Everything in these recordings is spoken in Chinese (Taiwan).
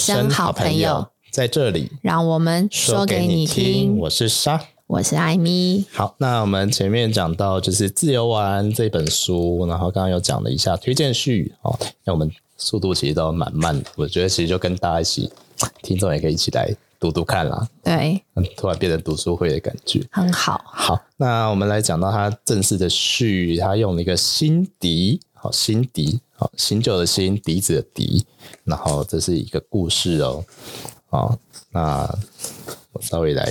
生好朋友，好朋友在這裡，讓我們說給你聽。我是莎，我是艾米。好，那我們前面講到就是《自由玩》這本書，然後剛剛又講了一下推薦序哦。那我們速度其實都蠻慢的，我覺得其實就跟大家一起聽眾也可以一起來讀讀看啦。對，突然變成讀書會的感覺，很好。好，那我們來講到他正式的序，他用了一個新笛。好，新笛，好，新舊的新，笛子的笛，然後這是一個故事哦，好，那我稍微來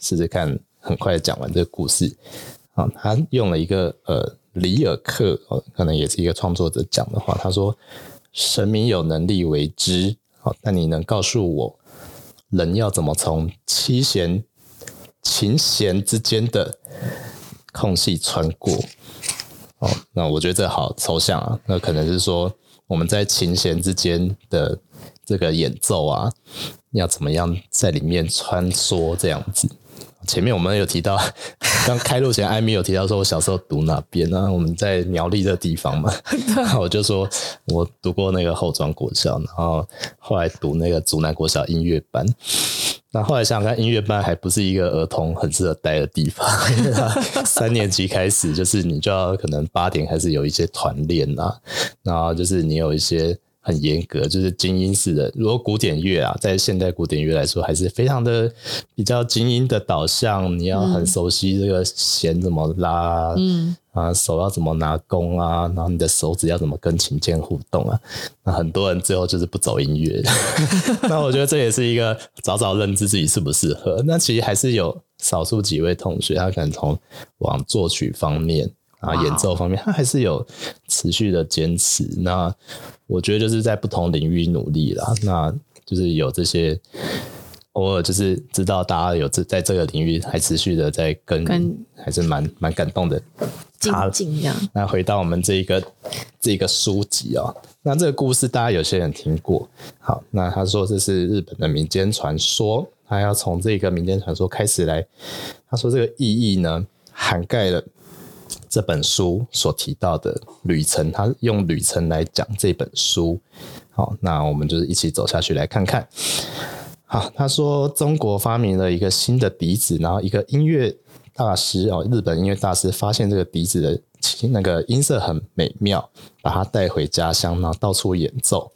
試試看，很快講完這個故事。啊，他用了一個呃，里爾克，哦，可能也是一個創作者講的話，他說：“神明有能力為之。”好，那你能告訴我，人要怎麼從七弦琴弦之間的空隙穿過？哦、那我覺得這好抽象啊。那可能是說我們在琴弦之間的這個演奏啊，要怎麼樣在裡面穿梭這樣子。前面我們有提到，剛開錄前 艾米有提到說，我小時候讀哪邊呢、啊？我們在苗栗這地方嘛， 我就說我讀過那個後莊國校，然後後來讀那個竹南國小音樂班。那後來想想看，音樂班還不是一個兒童很適合待的地方。 三年級開始，就是你就要可能八點開始有一些團練啦，然後就是你有一些。很嚴格，就是精英式的。如果古典樂啊，在現代古典樂來說，還是非常的比較精英的導向。你要很熟悉這個弦怎麼拉，嗯啊，手要怎麼拿弓啊，然後你的手指要怎麼跟琴鍵互動啊。那很多人最後就是不走音樂。 那我覺得這也是一個早早認知自己適不適合。那其實還是有少數幾位同學，他可能從，往作曲方面。啊，演奏方面 Wow. 他還是有持續的堅持。那我覺得就是在不同領域努力啦。那就是有這些偶爾就是知道大家有這在這個領域還持續的在跟，跟還是蠻蠻感動的。他、啊、那回到我們這一個這個書籍啊、哦，那這個故事大家有些人聽過。好，那他說這是日本的民間傳說，他要從這個民間傳說開始來。他說這個意義呢，涵蓋了。這本書所提到的旅程，他用旅程來講這本書。好，那我們就是一起走下去，來看看。好，他說中國發明了一個新的笛子，然後一個音樂大師哦，日本音樂大師發現這個笛子的，那個音色很美妙，把它帶回家鄉，然後到處演奏。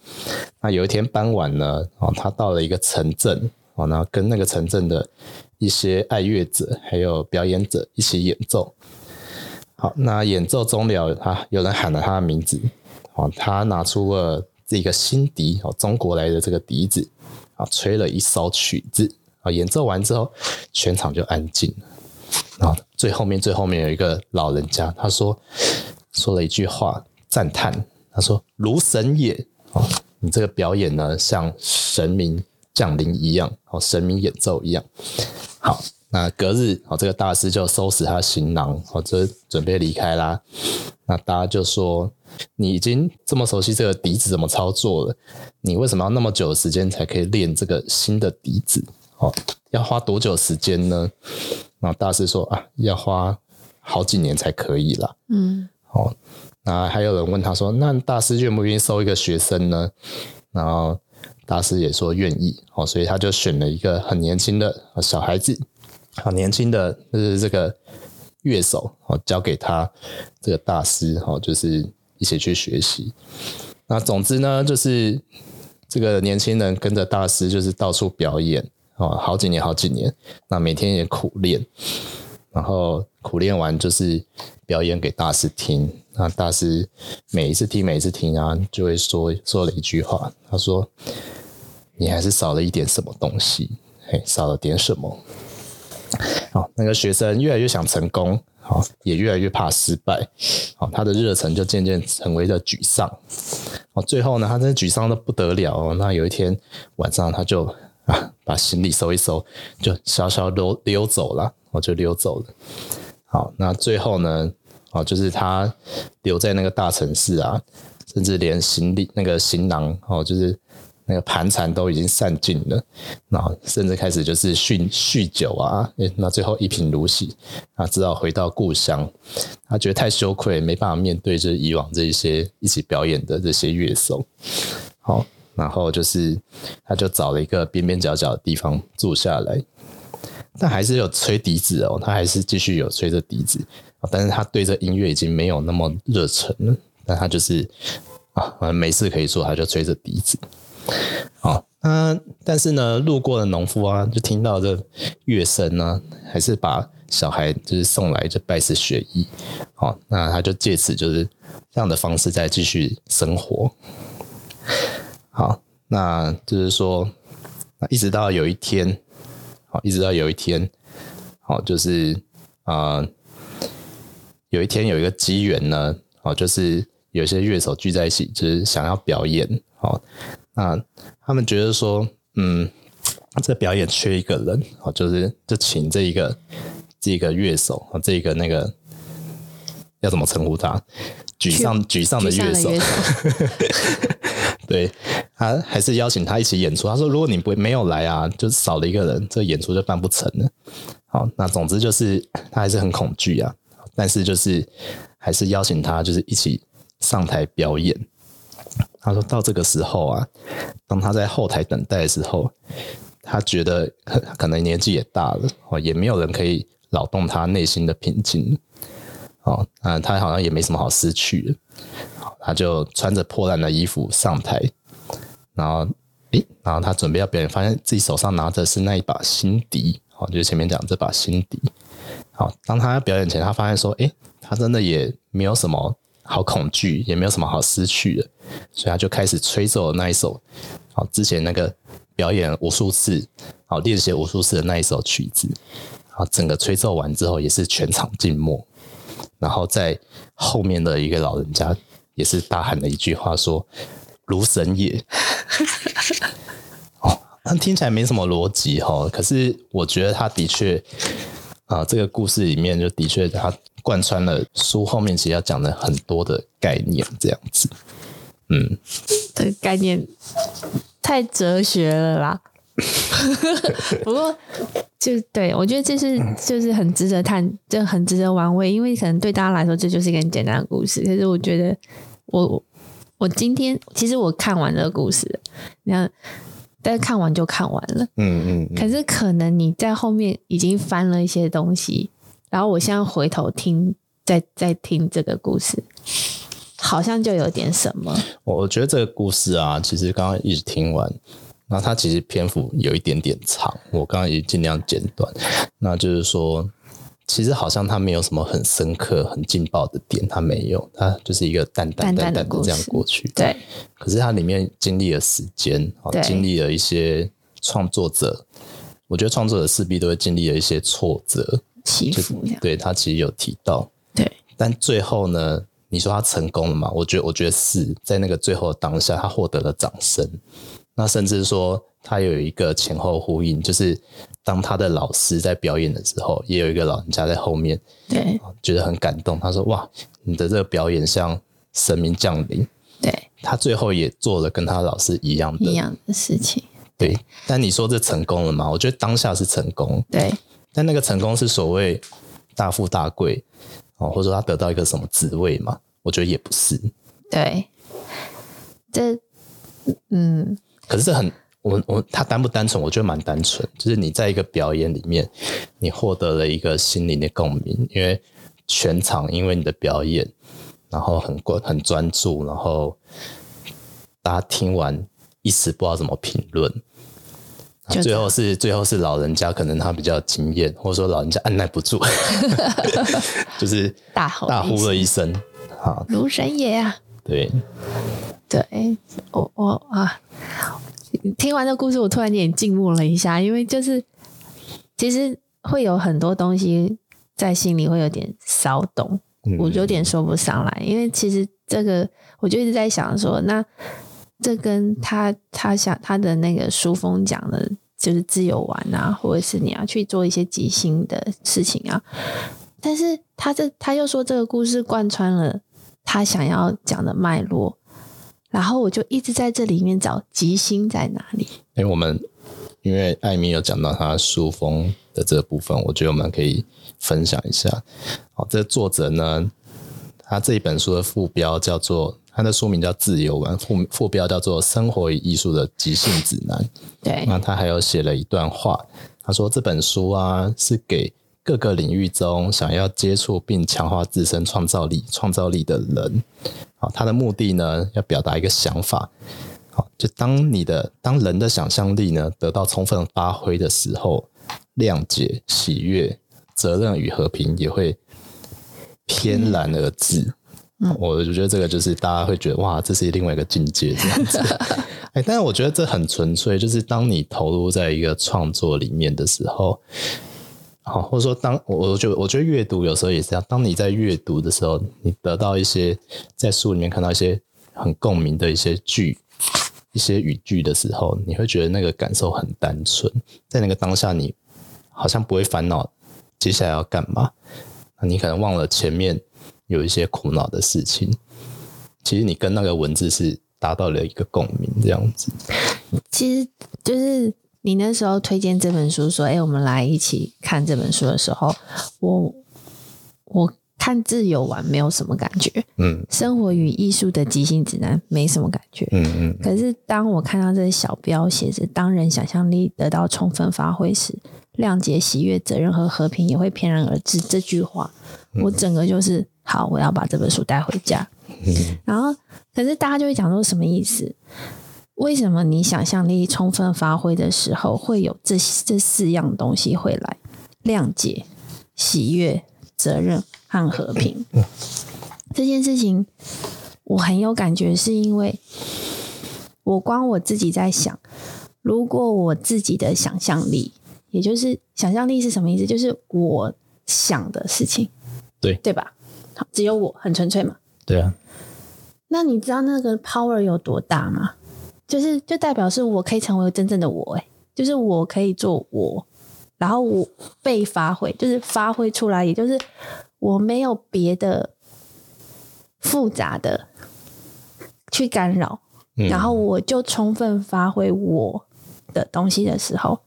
那有一天傍晚呢，哦，他到了一個城鎮，哦，然後跟那個城鎮的一些愛樂者還有表演者一起演奏。好，那演奏中了，啊，有人喊了他的名字，啊，他拿出了這個新笛，哦，中國來的這個笛子，啊，吹了一首曲子，啊，演奏完之後，全場就安靜了。啊，最後面，最後面有一個老人家，他說，說了一句話，讚嘆，他說，如神也，啊，你這個表演呢，像神明降臨一樣，哦，神明演奏一樣，好。那隔日，哦，這個大師就收拾他的行囊，哦，就準備離開啦。那大家就說，你已經這麼熟悉這個笛子怎麼操作了，你為什麼要那麼久的時間才可以練這個新的笛子？哦，要花多久時間呢？那大師說啊，要花好幾年才可以了。嗯，哦，那還有人問他說，那大師願不願意收一個學生呢？然後大師也說願意。哦，所以他就選了一個很年輕的小孩子。好年輕的，就是這個樂手，好交給他這個大師，好就是一起去學習。那總之呢，就是這個年輕人跟着大師，就是到處表演啊，好幾年，好幾年。那每天也苦練，然後苦練完就是表演給大師聽。那大師每一次聽，每一次聽啊，就會說說了一句話，他說：“你還是少了一點什麼東西，嘿，少了點什麼。”好，那個學生越來越想成功，好、哦，也越來越怕失敗，好、哦，他的熱忱就漸漸成為了沮喪。好、哦，最後呢，他真的沮喪得不得了、哦。那有一天晚上，他就啊，把行李收一收，就悄悄溜溜走了，我、哦、就溜走了。好，那最後呢，哦，就是他留在那個大城市啊，甚至連行李那個行囊，哦，就是。那個盤纏都已經散盡了，然後甚至開始就是酗酗酒啊、欸，那最後一貧如洗，他只好回到故鄉。他、啊、覺得太羞愧，沒辦法面對這以往這一些一起表演的這些樂手。好、哦，然後就是他就找了一個邊邊角角的地方住下來，但還是有吹笛子哦，他還是繼續有吹着笛子、啊，但是他對着音樂已經沒有那麼熱忱了。但他就是啊，反正沒事可以做，他就吹着笛子。好，那但是呢，路過的農夫啊，就聽到這樂聲呢，還是把小孩就是送來這拜師學藝。好，那他就借此就是這樣的方式再繼續生活。好，那就是說，一直到有一天，好，一直到有一天，好，就是啊、呃，有一天有一個機緣呢，好，就是有些樂手聚在一起，就是想要表演，好。啊，他們覺得說，嗯，啊、這表演缺一個人啊，就是就請這一個這一個樂手啊，這一個那個要怎麼稱呼他？沮喪沮喪的樂手，對，他還是邀請他一起演出。他說，如果你不沒有來啊，就少了一個人，這個、演出就辦不成了。好，那總之就是他還是很恐懼啊，但是就是還是邀請他，就是一起上台表演。他說到這個時候啊，當他在後臺等待的時候，他覺得可能年紀也大了哦，也沒有人可以擾動他內心的平靜。哦，那、嗯、他好像也沒什麼好失去的、哦，他就穿着破爛的衣服上台，然後、欸，然後他準備要表演，發現自己手上拿的是那一把新笛，哦，就是前面講這把新笛。好、哦，當他表演前，他發現說，誒、欸，他真的也沒有什麼。好恐懼，也沒有什麼好失去的，所以他就開始吹奏那一首，好之前那個表演無數次，好練習無數次的那一首曲子，整個吹奏完之後也是全場靜默，然後在後面的一個老人家也是大喊了一句話說：“如神也。” 哦，那聽起來沒什麼邏輯哈，可是我覺得他的確啊、呃，這個故事裡面就的確他。貫穿了書後面其實要講的很多的概念，這樣子，嗯，這個概念太哲學了啦。 不過就對我覺得這是就是很值得探，就很值得玩味，因為可能對大家來說這就是一個很簡單的故事。可是我覺得我我今天其實我看完這個故事，那但是看完就看完了，嗯，嗯嗯。可是可能你在後面已經翻了一些東西。然後我現在回頭聽，再再聽這個故事，好像就有點什麼。我覺得這個故事啊，其實剛剛一直聽完，那它其實篇幅有一點點長。我剛剛也盡量剪短。那就是說，其實好像它沒有什麼很深刻、很勁爆的點，它沒有，它就是一個淡淡淡淡，淡的這樣過去。淡淡的故事，對。可是它裡面經歷了時間，喔、對經歷了一些創作者，我覺得創作者勢必都會經歷了一些挫折。其，實對他其實有提到，對。但最後呢，你說他成功了嗎？我覺得，我覺得是在那個最後的當下，他獲得了掌聲。那甚至說，他有一個前後呼應，就是當他的老師在表演的時候，也有一個老人家在後面，對，覺得很感動。他說：“哇，你的這個表演像神明降臨。對”對，他最後也做了跟他老師一樣的，一樣的事情。對，對。但你說這成功了嗎？我覺得當下是成功。對。但那個成功是所謂大富大貴哦，或者說他得到一個什麼職位嘛？我覺得也不是。對，這嗯，可是這很我我他單不單純？我覺得蠻單純，就是你在一個表演裡面，你獲得了一個心靈的共鳴，因為全場因為你的表演，然後很關很專注，然後大家聽完一時不知道怎麼評論。啊、得最後是最後是老人家，可能他比較驚艷或者說老人家按捺不住， 就是大吼大呼了一聲，好，盧神爺啊，對對，我我啊，聽完這故事，我突然間也靜默了一下，因為就是其實會有很多東西在心裡會有點騷動，嗯、我就有點說不上來，因為其實這個我就一直在想說那。這跟他他想他的那個書封講的，就是自由玩啊，或者是你要去做一些即興的事情啊。但是他這他又說這個故事貫穿了他想要講的脈絡，然後我就一直在這裡面找即興在哪裡。哎、欸，我們因為艾米有講到他書封的這個部分，我覺得我們可以分享一下。好，這個、作者呢，他這一本書的副標叫做，他的書名叫《自由玩》，副副標叫做《生活與藝術的即興指南》。對，那他還有寫了一段話，他說這本書啊是給各個領域中想要接觸並強化自身創造力、創造力的人。好，他的目的呢，要表達一個想法。好，就當你的當人的想象力呢得到充分發揮的時候，諒解、喜悅、責任與和平也會翩然而至。嗯我就覺得這個就是大家會覺得哇，這是另外一個境界，這樣子。 哎，但是我覺得這很純粹，就是當你投入在一個創作裡面的時候，好，或者說當我我覺得我覺得閱讀有時候也是這樣，當你在閱讀的時候，你得到一些在書裡面看到一些很共鳴的一些句、一些語句的時候，你會覺得那個感受很單純，在那個當下你好像不會煩惱接下來要幹嘛，你可能忘了前面。有一些苦惱的事情，其實你跟那個文字是達到了一個共鳴，這樣子。其實就是你那時候推薦這本書，說：“哎、欸，我們來一起看這本書的時候，我我看自由玩沒有什麼感覺，嗯，生活與藝術的即興指南沒什麼感覺，嗯，嗯嗯。可是當我看到這些小標寫着‘當人想象力得到充分發揮時，諒解喜、喜悅、責任和和平也會翩然而至’這句話，我整個就是。”好，我要把這本書帶回家。 然後，可是大家就會講說，什麼意思？為什麼你想象力充分發揮的時候，會有這這四樣東西會來？諒解、喜悅、責任和和平。 這件事情我很有感覺，是因為我光我自己在想，如果我自己的想象力，也就是想象力是什麼意思？就是我想的事情，對對吧？只有我很純粹嘛？對啊。那你知道那個 power 有多大嗎？就是，就代表是我可以成為真正的我，欸，哎，就是我可以做我，然後我被發揮，就是發揮出來，也就是我沒有別的複雜的去干擾，嗯、然後我就充分發揮我的東西的時候，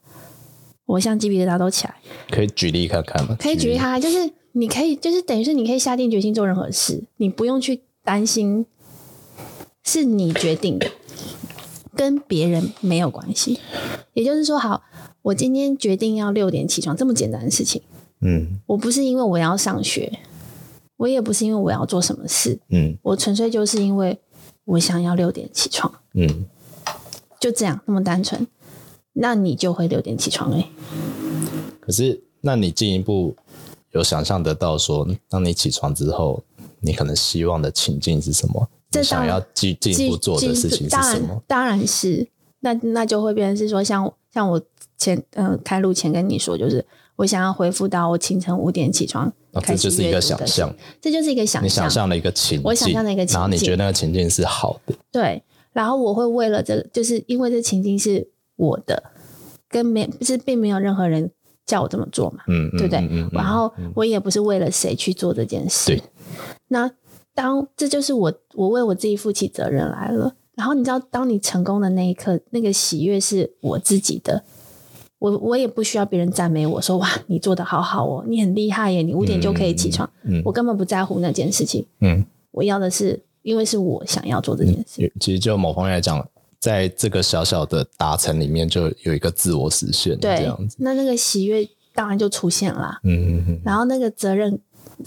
我像雞皮疙瘩都起來。可以舉例看看嗎？可以舉例，他就是。你可以就是等於是你可以下定決心做任何事，你不用去擔心，是你決定的，跟別人沒有關係。也就是說，好，我今天決定要六點起床，這麼簡單的事情。嗯，我不是因為我要上學，我也不是因為我要做什麼事。嗯，我純粹就是因為我想要六點起床。嗯，就這樣那麼單純，那你就會六點起床誒？可是，那你進一步？有想象得到說，當你起床之後，你可能希望的情境是什麼？這當，你想要進進一步做的事情是什麼？當然，當然是，那那就會變成是說像，像像我前嗯、呃、開錄前跟你說，就是我想要回復到我清晨五點起床，啊、開始，這就是一個想象，這就是一個想象，你想象的一個情境，我想象的一個情境，然後你覺得那個情境是好的，對，然後我會為了這個、就是因為這情境是我的，跟沒是並沒有任何人。叫我這麼做嘛，嗯、對不對？嗯嗯嗯、然後我也不是為了誰去做這件事。對，那當這就是我，我為我自己負起責任來了。然後你知道，當你成功的那一刻，那個喜悅是我自己的。我我也不需要別人讚美我說哇，你做得好好哦，你很厲害耶，你五點就可以起床，嗯、我根本不在乎那件事情。嗯，我要的是，因為是我想要做這件事。嗯、其實就某方面來講了。在這個小小的達成裡面，就有一個自我實現，對，那那個喜悅當然就出現了。嗯，嗯，嗯，嗯。然後那個責任，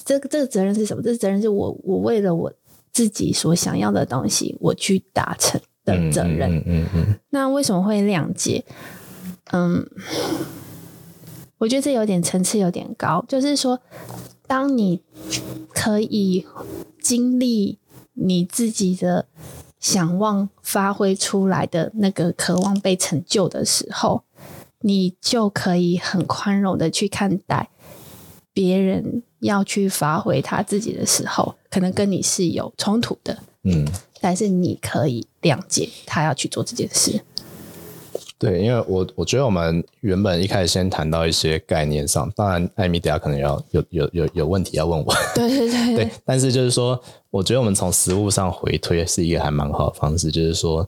這個這個責任是什麼？這個責任是我我為了我自己所想要的東西，我去達成的責任。嗯嗯，嗯，嗯嗯。那為什麼會諒解？嗯，我覺得這有點層次有點高，就是說，當你可以經歷你自己的。想望發揮出來的那個渴望被成就的時候，你就可以很寬容的去看待別人要去發揮他自己的時候，可能跟你是有衝突的，嗯，但是你可以諒解他要去做這件事。對，因為我我覺得我們原本一開始先談到一些概念上，當然艾米迪亞可能要有有有有問題要問我，對對對，對，但是就是說。我覺得我們從實務上回推是一個還蠻好的方式，就是說，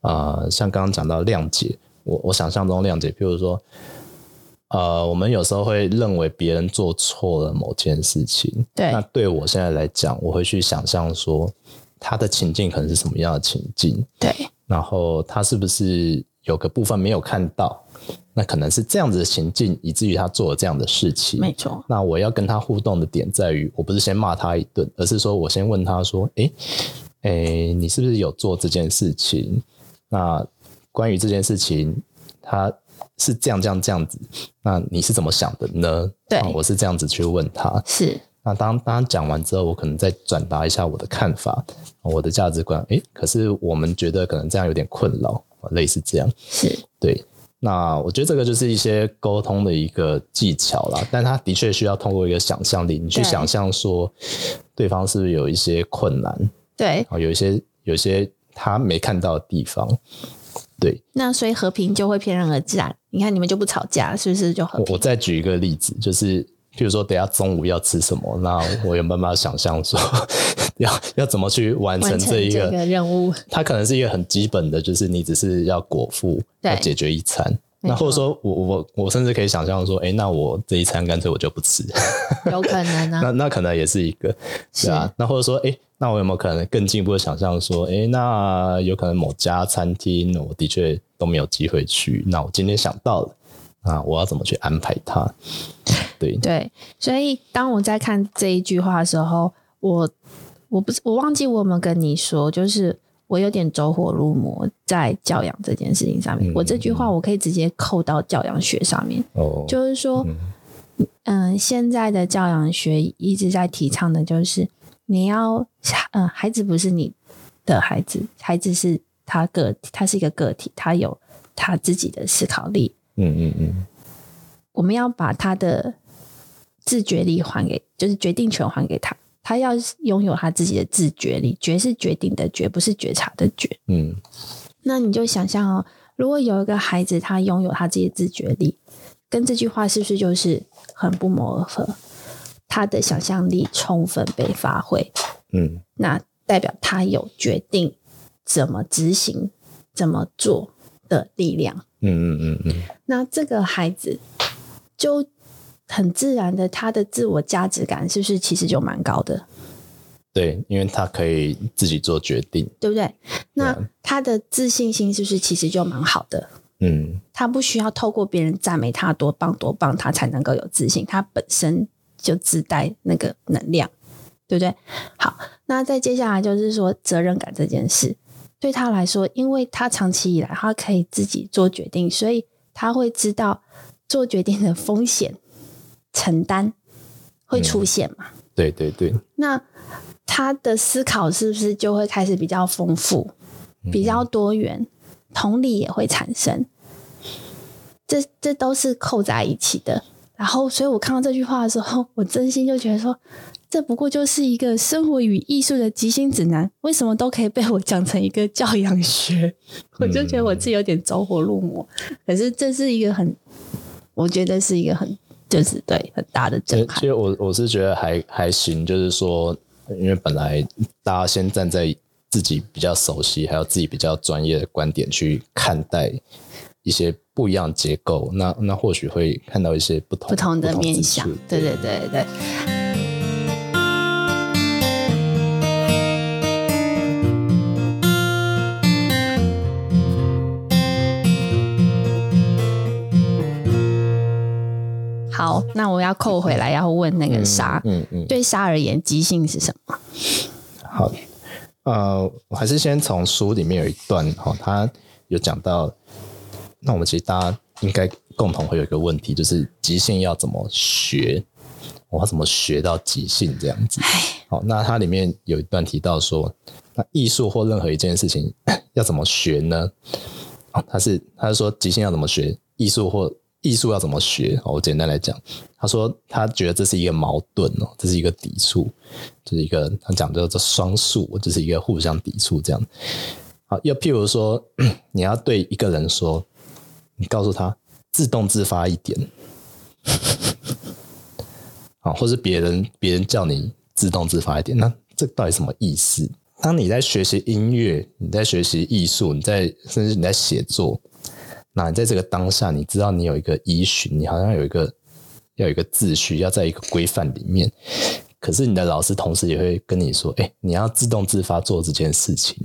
啊、呃，像剛剛講到諒解，我我想象中諒解，譬如說，呃，我們有時候會認為別人做錯了某件事情，對，那對我現在來講，我會去想象說他的情境可能是什麼樣的情境，對，然後他是不是有個部分沒有看到。那可能是這樣子的情境，以至於他做了這樣的事情。沒錯。那我要跟他互動的點在於，我不是先罵他一頓，而是說我先問他說：“哎，哎，你是不是有做這件事情？那關於這件事情，他是這樣、這樣、這樣子。那你是怎麼想的呢？”對，我是這樣子去問他。是。那當當他講完之後，我可能再轉達一下我的看法、我的價值觀。哎，可是我們覺得可能這樣有點困擾，類似這樣。是。對。那我覺得這個就是一些溝通的一個技巧啦，但他的確需要通過一個想象力，你去想象說對方是不是有一些困難，對，啊，有一些，有一些他沒看到的地方，對。那所以和平就會翩然而至。你看你們就不吵架，是不是就和平？我再舉一個例子，就是。譬如說，等一下中午要吃什麼？那我有辦法想象說要，要要怎麼去完成這一個，這個任務？它可能是一個很基本的，就是你只是要果腹，對要解決一餐。那或者說我，我我我甚至可以想象說，哎、欸，那我這一餐乾脆我就不吃，有可能啊。 那那可能也是一個，對啊。是那或者說，哎、欸，那我有沒有可能更進一步的想象說，哎、欸，那有可能某家餐廳我的確都沒有機會去，那我今天想到了。啊！我要怎麼去安排他？對對，所以當我在看這一句話的時候，我我不是，我忘記我有沒有跟你說，就是我有點走火入魔在教養這件事情上面。嗯、我這句話我可以直接扣到教養學上面。嗯、就是說，嗯、呃，現在的教養學一直在提倡的就是你要，嗯、呃，孩子不是你的孩子，孩子是他個，他是一個個體，他有他自己的思考力。嗯嗯嗯，mm hmm. 我們要把他的自決力還給，就是決定權還給他。他要擁有他自己的自決力，決是決定的決，不是覺察的覺。嗯、mm，hmm. 那你就想象哦，如果有一個孩子，他擁有他自己的自決力，跟這句話是不是就是很不謀而合？他的想象力充分被發揮，嗯、mm，hmm. 那代表他有決定怎麼執行、怎麼做的力量。嗯嗯嗯嗯，那這個孩子就很自然的，他的自我價值感是不是其實就蠻高的？對，因為他可以自己做決定，對不對？那他的自信心是不是其實就蠻好的？嗯，他不需要透過別人讚美他多棒多棒，他才能夠有自信，他本身就自帶那個能量，對不對？好，那再接下來就是說責任感這件事。對他來說，因為他長期以來他可以自己做決定，所以他會知道做決定的風險承擔會出現嘛？嗯、對對對。那他的思考是不是就會開始比較豐富、比較多元？嗯、同理也會產生，這這都是扣在一起的。然後，所以我看到這句話的時候，我真心就覺得說。這不過就是一個生活與藝術的即興指南，為什麼都可以被我講成一個教養學？我就覺得我自己有點走火入魔。嗯，可是這是一個很，我覺得是一個很，就是對很大的震撼。其實我我是覺得還還行，就是說，因為本來大家先站在自己比較熟悉，還有自己比較專業的觀點去看待一些不一樣結構，那那或許會看到一些不同不同的面向。對，對對對對。哦、那我要扣回來，要問那個沙，嗯嗯，嗯嗯，對沙而言，即興是什麼？好，呃，我還是先從書裡面有一段哈，他、哦、有講到。那我們其實大家應該共同會有一個問題，就是即興要怎麼學？我、哦、怎麼學到即興這樣子？好唉、哦，那它裡面有一段提到說，那藝術或任何一件事情要怎麼學呢？他、哦、是他是說即興要怎麼學？藝術或？藝術要怎麼學？我簡單來講，他說他覺得這是一個矛盾哦，這是一個抵觸，就是一個他講叫做雙數，就是一個互相抵觸這樣。好，又譬如說，你要對一個人說，你告訴他自動自發一點，啊， 或是別人別人叫你自動自發一點，那這到底什麼意思？當你在學習音樂，你在學習藝術，你在甚至你在寫作。那你在這個當下，你知道你有一個依循，你好像有一個要有一個秩序，要在一個規範裡面。可是你的老師同時也會跟你說：“哎、欸，你要自動自發做這件事情，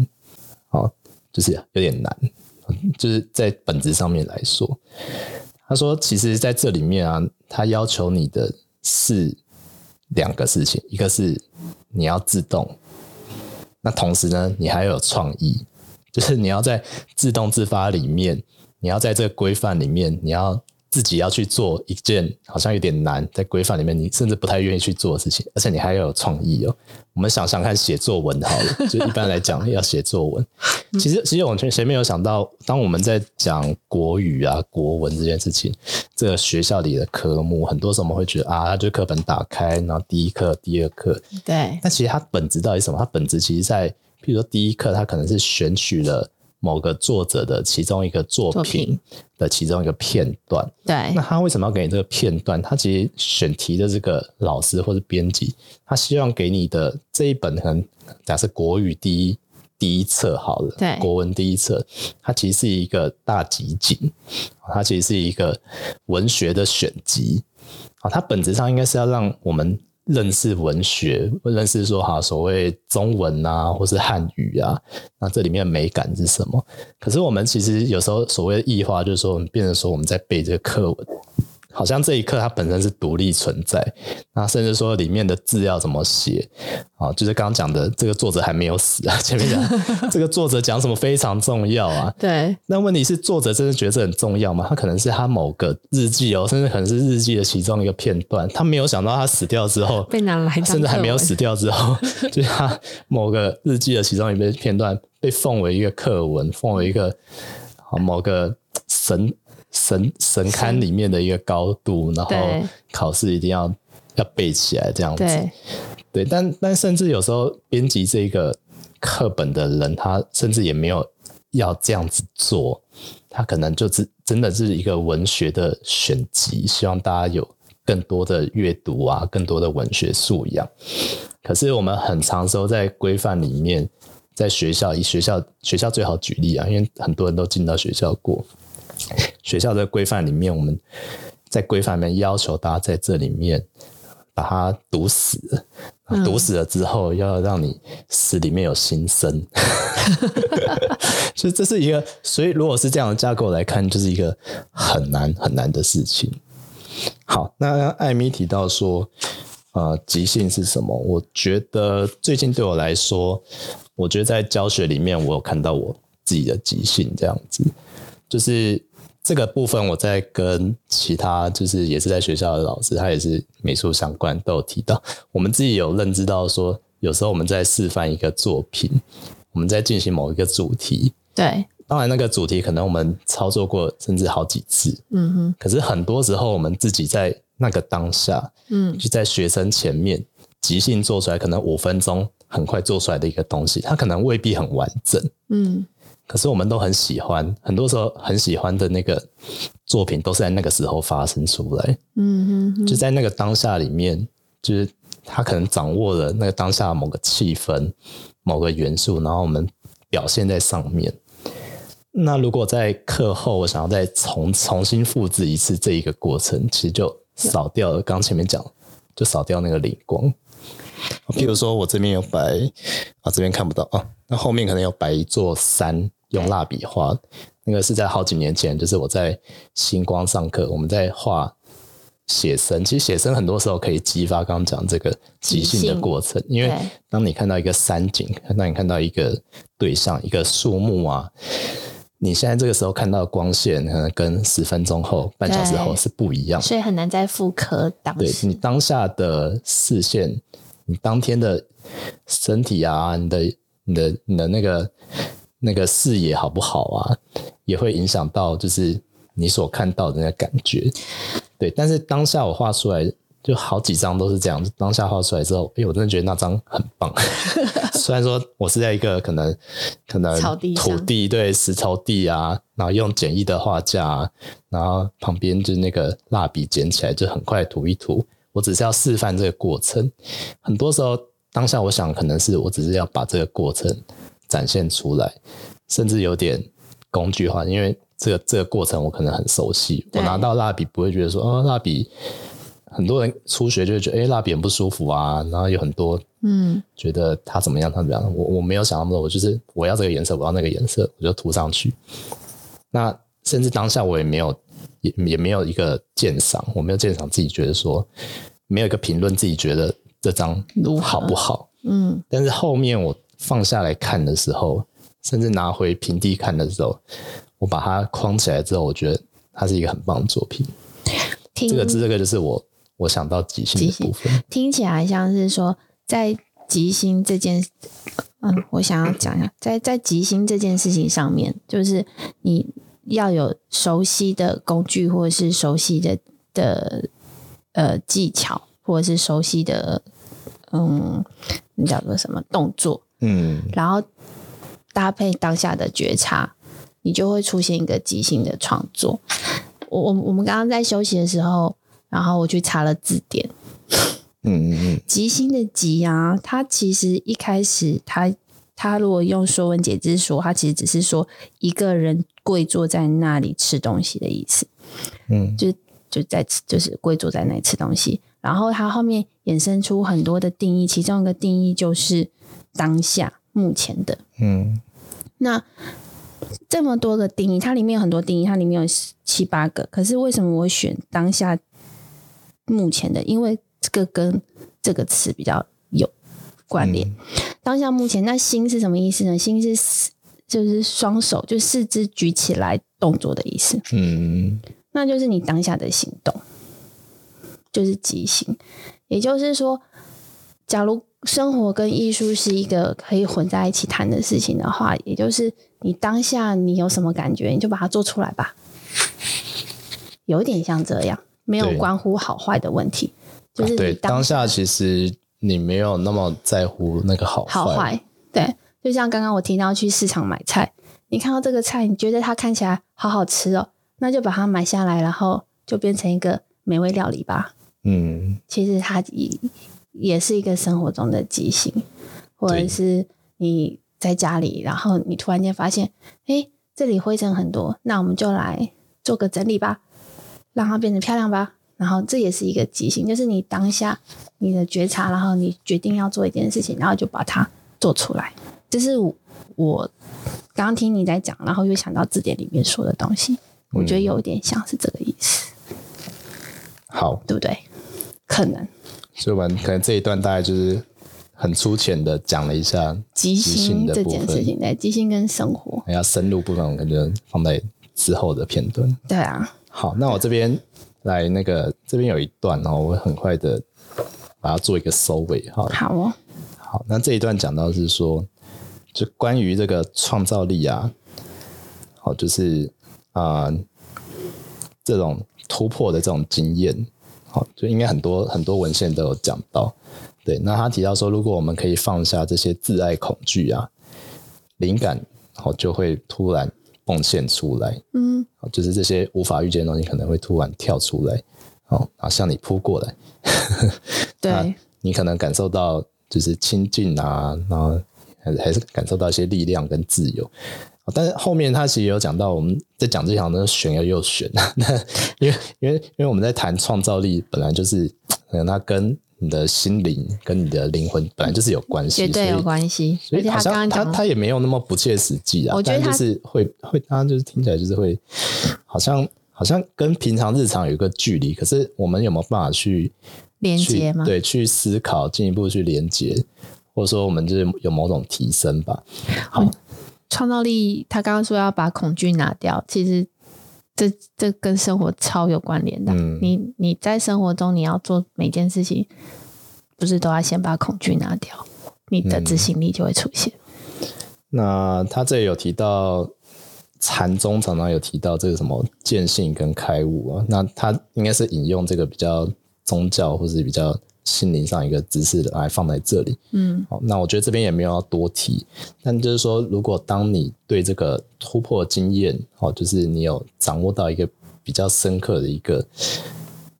好、哦，就是有點難。”就是在本質上面來說，他說：“其實在這裡面啊，他要求你的是兩個事情，一個是你要自動，那同時呢，你還要有創意，就是你要在自動自發裡面。”你要在這個規範裡面，你要自己要去做一件好像有點難，在規範裡面你甚至不太願意去做的事情，而且你還要有創意哦。我們想想看，寫作文好了，就一般來講要寫作文。 其實，其實我前面有想到，當我們在講國語啊、國文這件事情，這個學校裡的科目，很多時候我們會覺得啊，就是課本打開，然後第一課、第二課，對。但其實它本質到底什麼？它本質其實在，譬如說第一課，它可能是選取了。某個作者的其中一個作品的其中一個片段，對，那他為什麼要給你這個片段？他其實選題的這個老師或者編輯，他希望給你的這一本，可能假設國語第一第一冊好了，對，國文第一冊，它其實是一個大集錦，它其實是一個文學的選集，啊，它本質上應該是要讓我們。認識文學，認識說哈，所謂中文啊，或是漢語啊，那這裡面的美感是什麼？可是我們其實有時候所謂的異化，就是說我們變成說我們在背這個課文。好像這一刻它本身是獨立存在，那甚至說裡面的字要怎麼寫啊？就是剛剛講的，這個作者還沒有死啊，前面講 這個作者講什麼非常重要啊？對。那問題是作者真的覺得這很重要嗎？他可能是他某個日記哦，甚至可能是日記的其中一個片段，他沒有想到他死掉之後被拿來，甚至還沒有死掉之後，就是他某個日記的其中一個片段被奉為一個課文，奉為一個、啊、某個神。神神龕裡面的一個高度，是然後考試一定要對要背起來，這樣子。對，對，但但甚至有時候編輯這一個課本的人，他甚至也沒有要這樣子做，他可能就是真的是一個文學的選集，希望大家有更多的閱讀啊，更多的文學素養。可是我們很常時候在規範裡面，在學校以學校學校最好舉例啊，因為很多人都進到學校過。學校的規範裡面，我們在規範裡面要求大家在這裡面把它堵死了，堵死了之後，要讓你死裡面有新生。嗯、 所以這是一個，所以如果是這樣的架構來看，就是一個很難很難的事情。好，那艾米提到說，呃，即興是什麼？我覺得最近對我來說，我覺得在教學裡面，我有看到我自己的即興這樣子，就是。這個部分，我在跟其他就是也是在學校的老師，他也是美術相關，都有提到。我們自己有認知到說，說有時候我們在示範一個作品，我們在進行某一個主題。對，當然那個主題可能我們操作過甚至好幾次，嗯哼。可是很多時候，我們自己在那個當下，嗯，就在學生前面即興做出來，可能五分鐘很快做出來的一個東西，它可能未必很完整，嗯。可是我們都很喜歡，很多時候很喜歡的那個作品，都是在那個時候發生出來。嗯哼、嗯嗯，就在那個當下裡面，就是他可能掌握了那個當下的某個氣氛、某個元素，然後我們表現在上面。那如果在課後，我想要再重重新複製一次這一個過程，其實就掃掉了剛、嗯、前面講，就掃掉那個靈光。譬如說我這邊有擺啊，這邊看不到啊，那後面可能有擺一座山。用蠟筆畫，那個是在好幾年前，就是我在星光上課，我們在畫寫生。其實寫生很多時候可以激發剛剛講這個即興的過程，興因為當你看到一個山景，那對你看到一個對象，一個樹木啊，你現在這個時候看到光線，可能跟十分鐘後、半小時後是不一樣的，所以很難再復刻當。對你當下的視線，你當天的身體啊，你的、你的、你的那個。那個視野好不好啊？也會影響到，就是你所看到的那個感覺。對，但是當下我畫出來，就好幾張都是這樣。當下畫出來之後，哎、欸，我真的覺得那張很棒。 雖然說我是在一個可能可能草地、土地、對石頭地啊，然後用簡易的畫架，然後旁邊就是那個蠟筆撿起來就很快塗一塗。我只是要示範這個過程。很多時候，當下我想，可能是我只是要把這個過程。展現出來，甚至有點工具化，因為這個這個過程我可能很熟悉。對我拿到蠟筆不會覺得說啊、哦，蠟筆很多人初學就會覺得哎，蠟筆很不舒服啊，然後有很多嗯，覺得它怎麼樣，嗯、它怎麼樣。我我沒有想那麼多，我就是我要這個顏色，我要那個顏色，我就塗上去。那甚至當下我也沒有也也沒有一個鑑賞，我沒有鑑賞自己覺得說沒有一個評論，自己覺得這張好不好？嗯，但是後面我。放下來看的時候，甚至拿回平地看的時候，我把它框起來之後，我覺得它是一個很棒的作品。聽這個字，這個就是我我想到即興的部分。聽起來像是說，在即興這件，嗯，我想要講一下，在在即興這件事情上面，就是你要有熟悉的工具，或者是熟悉的的呃技巧，或者是熟悉的嗯，你叫做什麼動作？嗯，然後搭配當下的覺察，你就會出現一個即興的創作。我我我們剛剛在休息的時候，然後我去查了字典。嗯嗯嗯，即興的即啊，它其實一開始，他他如果用說文解字說，他其實只是說一個人跪坐在那裡吃東西的意思。嗯，就就在，就是跪坐在那裡吃東西。然後他後面衍生出很多的定義，其中一個定義就是。當下目前的，嗯，那這麼多個定義，它裡面有很多定義，它裡面有七八個。可是為什麼我選當下目前的？因為這個跟這個詞比較有關聯。嗯，當下目前，那心是什麼意思呢？心是就是雙手，就四肢舉起來動作的意思。嗯，那就是你當下的行動，就是即興。也就是說，假如。生活跟藝術是一個可以混在一起談的事情的話，也就是你當下你有什麼感覺，你就把它做出來吧。有點像這樣，沒有關乎好壞的問題，對就是對當下，啊、當下其實你沒有那麼在乎那個好壞。好壞，對，就像剛剛我提到去市場買菜，你看到這個菜，你覺得它看起來好好吃哦，那就把它買下來，然後就變成一個美味料理吧。嗯，其實它以。也是一個生活中的即興，或者是你在家裡，然後你突然間發現，哎、欸，這裡灰塵很多，那我們就來做個整理吧，讓它變得漂亮吧。然後這也是一個即興，就是你當下你的覺察，然後你決定要做一件事情，然後就把它做出來。這是我剛剛聽你在講，然後又想到字典裡面說的東西，嗯、我覺得有點像是這個意思，好，對不對？可能。所以我們可能這一段大概就是很粗淺的講了一下即興這件事情，即興跟生活，還有深入部分，我感覺放在之後的片段。對啊，好，那我這邊來那個，這邊有一段哦，我很快的把它做一個收尾哈。好，好哦，好，那這一段講到是說，就關於這個創造力啊，好，就是啊、呃、這種突破的這種經驗。好，就應該很多很多文獻都有講到，對。那他提到說，如果我們可以放下這些自愛恐懼啊，靈感，然後就會突然迸現出來，嗯，就是這些無法預見的東西可能會突然跳出來，哦，啊，向你撲過來，對， 你可能感受到就是親近啊，然後還是感受到一些力量跟自由。但是後面他其實有講到，我們在講這條呢，玄而又玄，因為因為因為我們在談創造力，本來就是可能它跟你的心靈、跟你的靈魂本來就是有關係，對對有關係。所以，所以他剛剛他剛剛他，他也沒有那麼不切實際啊。我覺得但就是會會，他就是聽起來就是會好像好像跟平常日常有一個距離。可是我們有沒有辦法去連接嗎？對，去思考進一步去連接，或者說我們就是有某種提升吧。好。創造力，他剛剛說要把恐懼拿掉，其實這這跟生活超有關聯的。嗯，你你在生活中，你要做每件事情，不是都要先把恐懼拿掉，你的執行力就會出現。嗯，那他這裡有提到禪宗，常常有提到這個什麼見性跟開悟啊。那他應該是引用這個比較宗教，或是比較。心靈上一個知識來放在這裡，嗯，好，那我覺得這邊也沒有要多提。但就是說，如果當你對這個突破經驗，哦，就是你有掌握到一個比較深刻的一個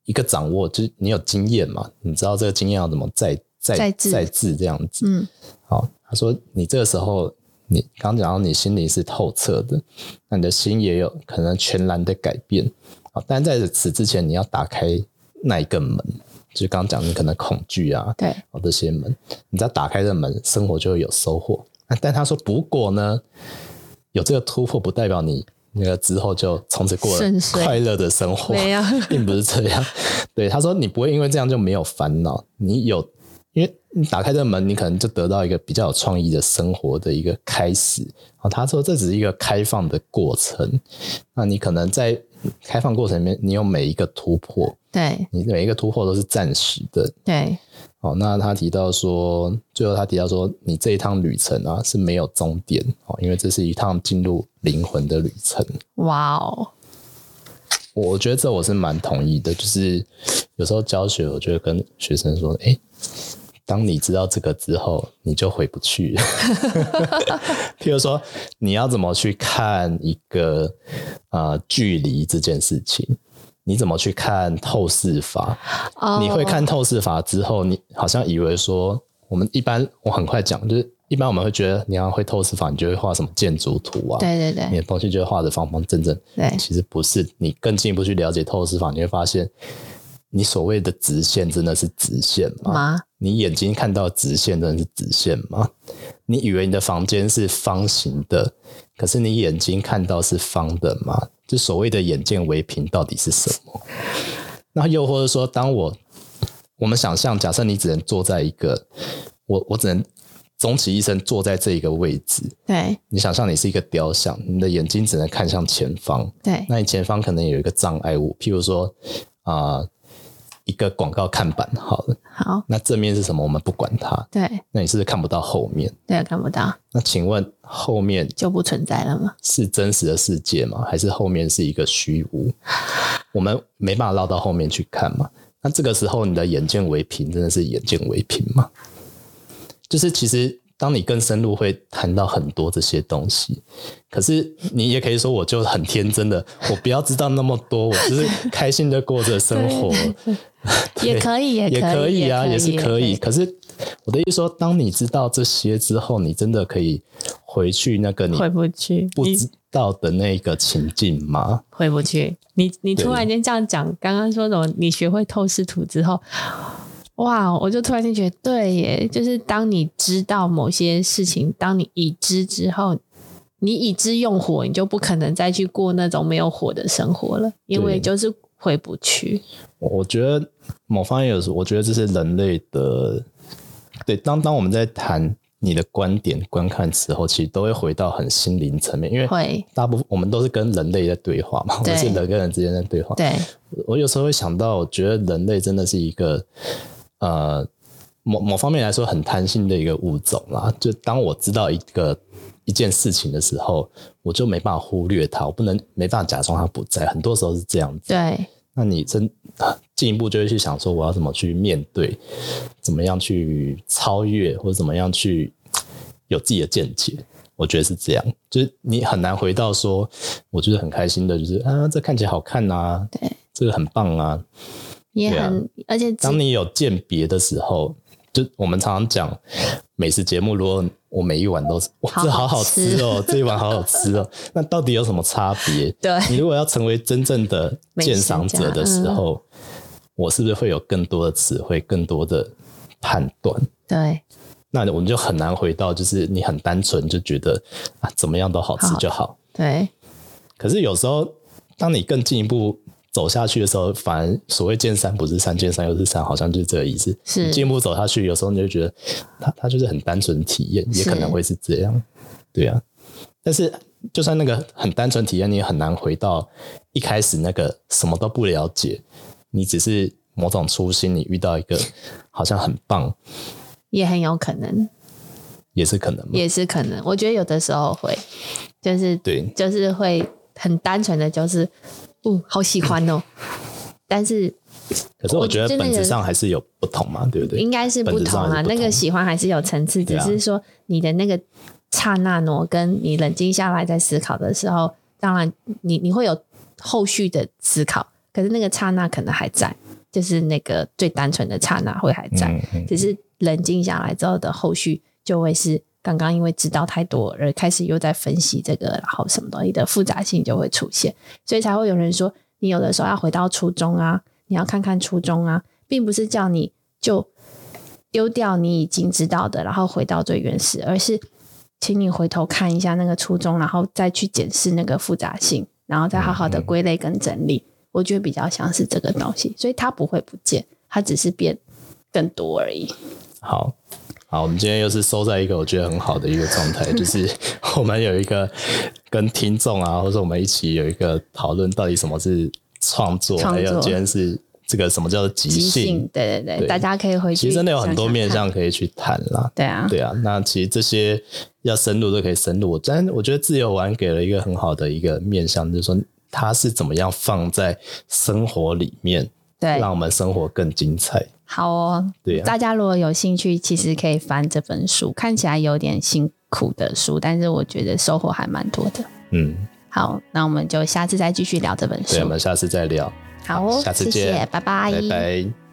一個掌握，就是你有經驗嘛？你知道這個經驗要怎麼再再再治這樣子，嗯，好。他說，你這個時候，你剛剛講到你心靈是透徹的，那你的心也有可能全然的改變，好，但在此之前，你要打開那一個門。就是剛剛講你可能恐懼啊，對哦，這些門，你只要打開這個門，生活就會有收穫。但他說，不過呢，有這個突破不代表你那個之後就從此過了快樂的生活，沒有， 並不是這樣。對，他說你不會因為這樣就沒有煩惱，你有，因為你打開這個門，你可能就得到一個比較有創意的生活的一個開始。啊，他說這只是一個開放的過程，那你可能在開放過程裡面，你有每一個突破。對你每一個突破都是暫時的，對。好，那他提到說，最後他提到說，你這一趟旅程啊是沒有終點哦，因為這是一趟進入靈魂的旅程。哇哦 Wow，我覺得這我是蠻同意的，就是有時候教學，我覺得跟學生說，哎、欸，當你知道這個之後，你就回不去了。 譬如說，你要怎麼去看一個啊、呃、距離這件事情？你怎麼去看透視法？Oh. 你會看透視法之後，你好像以為說，我們一般我很快講，就是一般我們會覺得，你要會透視法，你就會畫什麼建築圖啊？對對對，你的東西就會畫得方方正正。對，其實不是，你更進一步去了解透視法，你會發現，你所謂的直線真的是直線嗎？嗎？你眼睛看到直線真的是直線嗎？你以為你的房間是方形的，可是你眼睛看到是方的嗎？就所謂的眼見為憑到底是什麼？那又或者說，當我我們想象假設你只能坐在一個，我我只能終其一生坐在這一個位置，對，你想象你是一個雕像，你的眼睛只能看向前方，對，那你前方可能有一個障礙物，譬如說啊。呃一個廣告看板，好了，好，那正面是什麼？我們不管它。對，那你是不是看不到後面？對，看不到。那請問後面就不存在了嗎？是真實的世界嗎？還是後面是一個虛無？ 我們沒辦法繞到後面去看嗎？那這個時候，你的眼見為憑，真的是眼見為憑嗎？就是，其實當你更深入會談到很多這些東西，可是你也可以說，我就很天真的， 我不要知道那麼多，我只是開心的過着生活。 對也可以，也可以，也可以啊，也可以，也是可以。可以。可是我的意思說，當你知道這些之後，你真的可以回去那個你回不去不知道的那個情境嗎？回不去。你你突然間這樣講，剛剛對說什麼？你學會透視圖之後，哇！我就突然間覺得，對耶，就是當你知道某些事情，當你已知之後，你已知用火，你就不可能再去過那種沒有火的生活了，因為就是。回不去。我覺得某方面有時，我覺得這是人類的。對，當當我們在談你的觀點、觀看時候，其實都會回到很心靈層面，因為大部分我們都是跟人類在對話嘛，對我們是人跟人之間在對話。對，我有時候會想到，我覺得人類真的是一個，呃，某某方面來說很貪心的一個物種啦。就當我知道一個。一件事情的時候，我就沒辦法忽略他，我不能沒辦法假裝他不在。很多時候是這樣子。對，那你真進一步就會去想說，我要怎麼去面對，怎麼樣去超越，或者怎麼樣去有自己的見解？我覺得是這樣，就是你很難回到說，我覺得很開心的，就是啊，這看起來好看啊，對，這個很棒啊，也很、啊、而且當你有鑑別的時候。就我們常常講美食節目，如果我每一碗都是哇，好好這好好吃哦， 這一碗好好吃哦，那到底有什麼差別？對，你如果要成為真正的鑑賞者的時候，嗯，我是不是會有更多的詞彙，更多的判斷？對，那我們就很難回到，就是你很單純就覺得啊，怎麼樣都好吃就好。好好對，可是有時候當你更進一步。走下去的時候，反而所謂見山不是山，見山又是山，好像就是這個意思。是你進一步走下去，有時候你就覺得，他他就是很單純體驗，也可能會是這樣，是對啊，但是就算那個很單純體驗，你也很難回到一開始那個什麼都不了解，你只是某種初心，你遇到一個好像很棒，也很有可能，也是可能嗎？也是可能。我覺得有的時候會，就是對，就是會很單純的就是。哦、嗯，好喜歡哦！ 但是，可是我覺得本質上還是有不同嘛，那個、對不對？應該是不同啊，同那個喜歡還是有層次，嗯、只是說你的那個剎那，我跟你冷靜下來再思考的時候，當然你你會有後續的思考，可是那個剎那可能還在，就是那個最單純的剎那會還在，嗯嗯、只是冷靜下來之後的後續就會是。剛剛因為知道太多而開始又在分析這個，然後什麼東西的複雜性就會出現，所以才會有人說，你有的時候要回到初衷啊，你要看看初衷啊，並不是叫你就丟掉你已經知道的，然後回到最原始，而是請你回頭看一下那個初衷，然後再去檢視那個複雜性，然後再好好的歸類跟整理。嗯嗯，我覺得比較像是這個東西，所以它不會不見，它只是變更多而已。好。好，我們今天又是收在一個我覺得很好的一個狀態， 就是我們有一個跟聽眾啊，或者我們一起有一個討論，到底什麼是創作？創作。還有今天是這個什麼叫做即興，即興？對對對，對大家可以回去想想。其實真的有很多面向可以去談啦。對啊，對啊。那其實這些要深入都可以深入。但我覺得自由玩給了一個很好的一個面向，就是說它是怎麼樣放在生活裡面，對，讓我們生活更精彩。好哦，對啊，大家如果有興趣，其實可以翻這本書，嗯、看起來有點辛苦的書，但是我覺得收穫還蠻多的。嗯，好，那我們就下次再繼續聊這本書。對，我們下次再聊。好哦，好，下次見，謝謝，拜拜，拜拜。